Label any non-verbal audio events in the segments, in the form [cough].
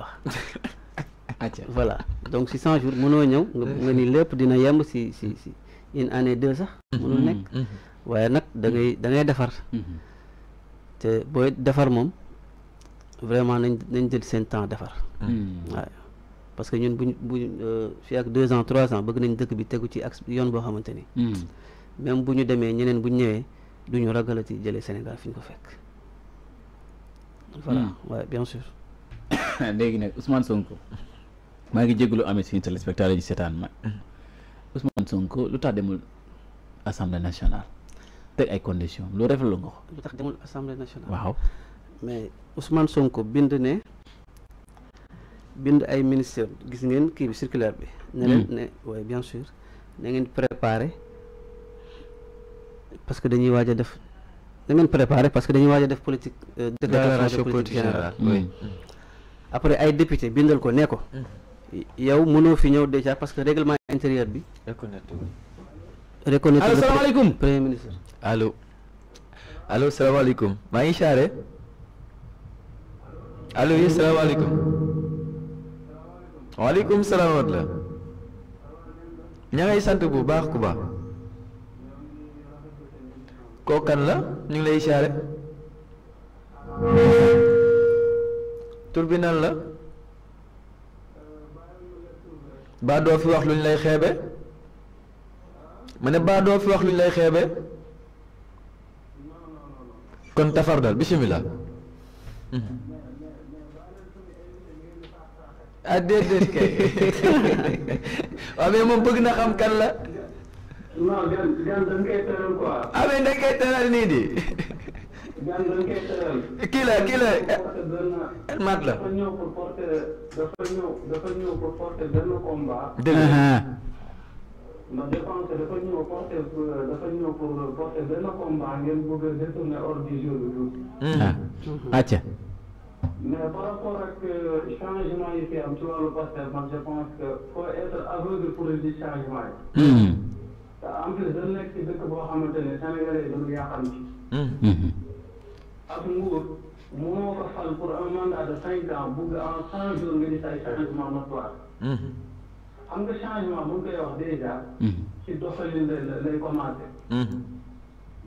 laa [laughs] wax voilà donc ci cent jours mënoo ñëw nga ni lépp dina yemb si si si une année deux sax mhm. mënul nekk mhm. Mhm. waaye nag dangay ngay defar te booy defar moom vraiment nañ nañ jël seen temps defar waaw parce que ñun buñ buñ euh, fii ak deux ans trois ans bëgg nañ dëkk bi tegu ci ak yoon boo xamante ni même bu ñu demee ñeneen buñ ñu ñëwee du ñu ragalati jëlee Sénégal fi ñu ko fekk voilà waaye bien sûr [laughs] léegi nag Ousmane Sonko maa ngi jégalu amee suñu téléspectateur yi seetaan ma Ousmane Sonko lu tax demul assemblée nationale teg ay conditions lu rafetlu nga ko. lu tax demul assemblée nationale. waaw mais Ousmane Sonko bind ne bind ay ministère gis ngeen kii bi circulaire bi. ne leen hmm. ne waaye bien sûr na ngeen préparer parce que dañuy waaj a def na ngeen préparer parce que dañuy waaj a def politique. Euh, déclaration de politique générale. Hmm. après ay député bindal ko ne ko hmm. yow mënoo fi ñëw déjà parce que règlement intérieur bi reconnaître allo salaamaaleykum premier ministre allo allo salaamaaleykum maa ngi xaare allo yi salaamaaleykum waaleykum salaam wa rahmatulah ña ngay sant bu baax ku baax kookan la ñu ngi lay xaare tur bi nan la baa doo fi wax lu ñu lay xeebe ma ne baa doo fi wax lu ñu lay xeebe kon tafardal bisimilah ah déedéet kay waaw mais moom bëgg na xam kan la. non gan gan dañ koy tëral quoi. ah mais dañ koy tëral nii di. kii la kii la mat la. dafa ñëw pour porter dafa ñëw dafa ñëw pour porter benn combat. dëgg la. ndax je pense que dafa ñëw porter dafa ñëw pour porter benn combat ngeen bëgg a détourner ordre du jour bi. acca. mais par rapport ak changement yi fi am ci wàllu Pastef man je pense que faut être aveugle pour le changement yi. te en plus dañ nekk ci dëkk boo xamante ne Sénégalais yi dañu yàqam ci. ak nguur moo ko fal pour un mandat de cinq ans bugg en cent jours nga gis ay changement notoire mhm. xam nga changement bu ñu koy wax déjà mhm. ci doxalin lay lay commencé mhm.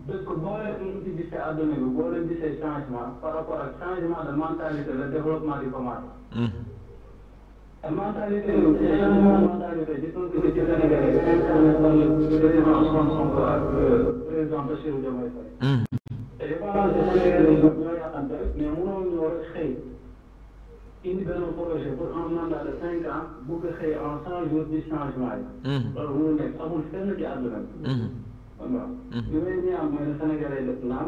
dëkk boo leen ci gisee àdduna bi boo leen gisee changement par rapport ak changement de mentalité le développement di commencé te mentalité yooyu changement de mentalité gis nañ ko ci Sénégal yi président Ousmane Sonko ak euh, président Bassirou Diomaye Faye les parents dafa nekk ñoom ñoo yàqante rek mais mënoo ñëw rek xëy indi benn projet pour un mandat de cinq ans bëgg a xëy en cent jours di changement yi. loolu mënul nekk amul fenn ci àdduna bi. voilà li may ñuy am mooy ne Sénégalais def naan.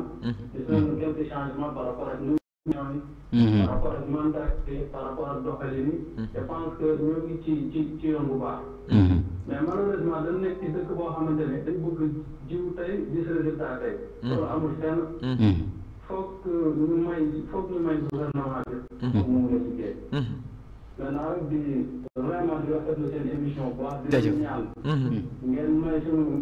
te seen quelques changements par rapport ak Mhm. par rapport ak mentalité par rapport ak doxalin yi mhm. je pense que ñoo ngi ci ci ci yoon bu baax mhm. mais malheureusement dañ nekk ci dëkk boo xamante ne dañ bëgg jiw tey may foog ñu may gouvernement bi foog mu ngi liggéey maintenant rek di vraiment di rafetlu seen émission bu baax di leen ñaan ngeen may suñu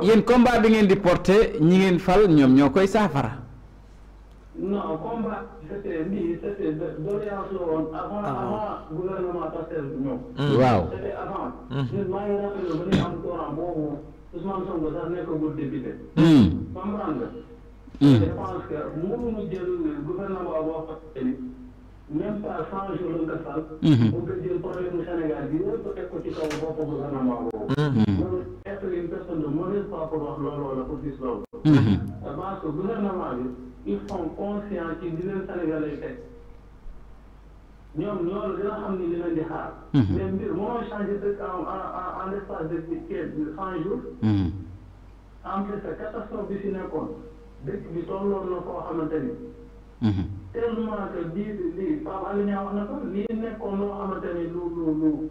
yéen combat bi ngeen di porté ñi ngeen fal ñoom ñoo koy saafara. waaw être une personne de mauvaise foi pour wax loolu wala pour gis loolu. parce que gouvernement bi ils sont conscients ci li leen Sénégalais teg ñoom ñoo dina xam ni li leen di xaar. mais mbir mënoo changé dëkk en en en espace de cent jours. en plus que catastrophe bi fi nekkoon dëkk bi tolloon na koo xamante ni. tellement que lii lii Pape Alioune wax na ko lii nekkoon loo xamante ni lu lu lu.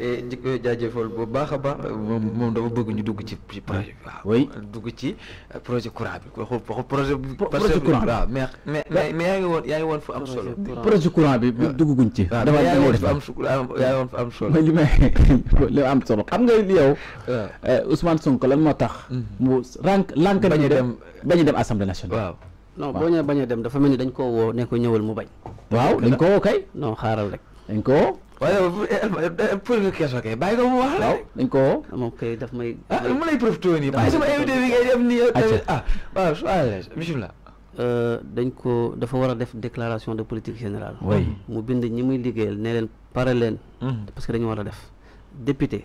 Eh, di ko jaajëfal bu baax a baax moom moom bëgg ñu dugg ci ci projet bi waaw oui dugg euh, projet courant bi waxu waxu projet bi projet courant waaw mais mais mais yaa ngi woon ci dafa yaa ngi woon fu am solo yaa ngi woon fu am may [laughs] am solo xam nga yow euh, Ousmane Sonko lan moo tax mm-hmm. mu lan lank bañ a dem bañ a dem assemblée nationale waaw non boo ñëwee bañ a dem dafa mel ni dañ koo woo nekk ko ñëwal mu bañ waaw dañ ko woo kay xaaral rek dañ ko waaye dañ eh, eh, ko woo. Ah, moom kay daf may. ah mu lay ah, euh, dañ ko dafa war a def déclaration de politique générale. oui mu bind ñi muy liggéeyal ne leen pare leen. Mm. parce que dañu war a def député.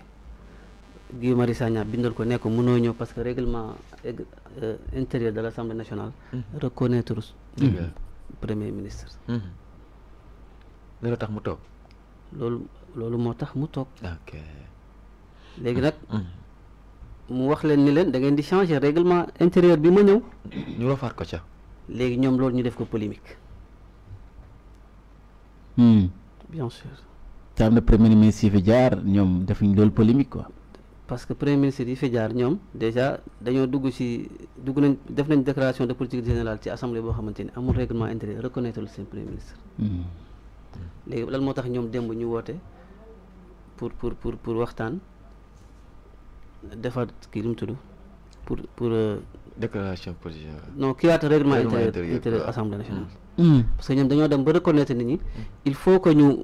Guy Marius Sagna bindal ko nekk noo ñëw parce que règlement euh, intérieur de l'Assemblée nationale mm. reconnaître premier ministre ne mm. tax mu toog loolu loolu moo tax mu toog léegi nag mm. mu wax leen ni leen da ngeen di changer règlement intérieur bi ma ñëw ñu rafaat ko ca léegi ñoom loolu ñu def ko polémique hmm. bien sûr te am na premier ministre yi fi jaar ñoom defuñ loolu polémique quoi que premier ministre yi fi jaar ñoom déjà dañoo dugg ci dugg nañ def nañ déclaration de politique générale ci assemblée boo xamante ni amul règlement intérieur reconnaître le seen premier ministre hmm. léegi lan moo tax ñoom démb ñu woote pour pour pour pour waxtaan defar kii lu mu tudd pour pour. Euh, déclaration politique. non kii waat règlement intérieur intérieur assemblée nationale. Mm. parce que ñoom dañoo dem ba reconnaître nit ñi. il faut que ñu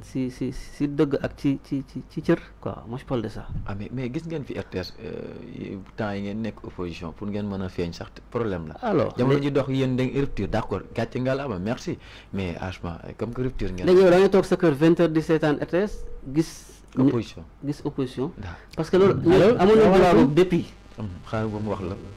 si si si dëgg ak ci ci ci ci cër quoi moi je parle de ça. ah mais mais gis ngeen fi RTS euh, temps yi ngeen nekk opposition pour ngeen mën a feeñ sax problème la. alors jamono ji dox yéen da rupture d' accord gàcce nga la ama merci mais franchement comme que rupture ngeen. léegi yow da toog sa kër vingt heures di seetaan RTS gis. opposition gis opposition. parce que loolu. loolu amoon na droit boobu depuis. mu wax la.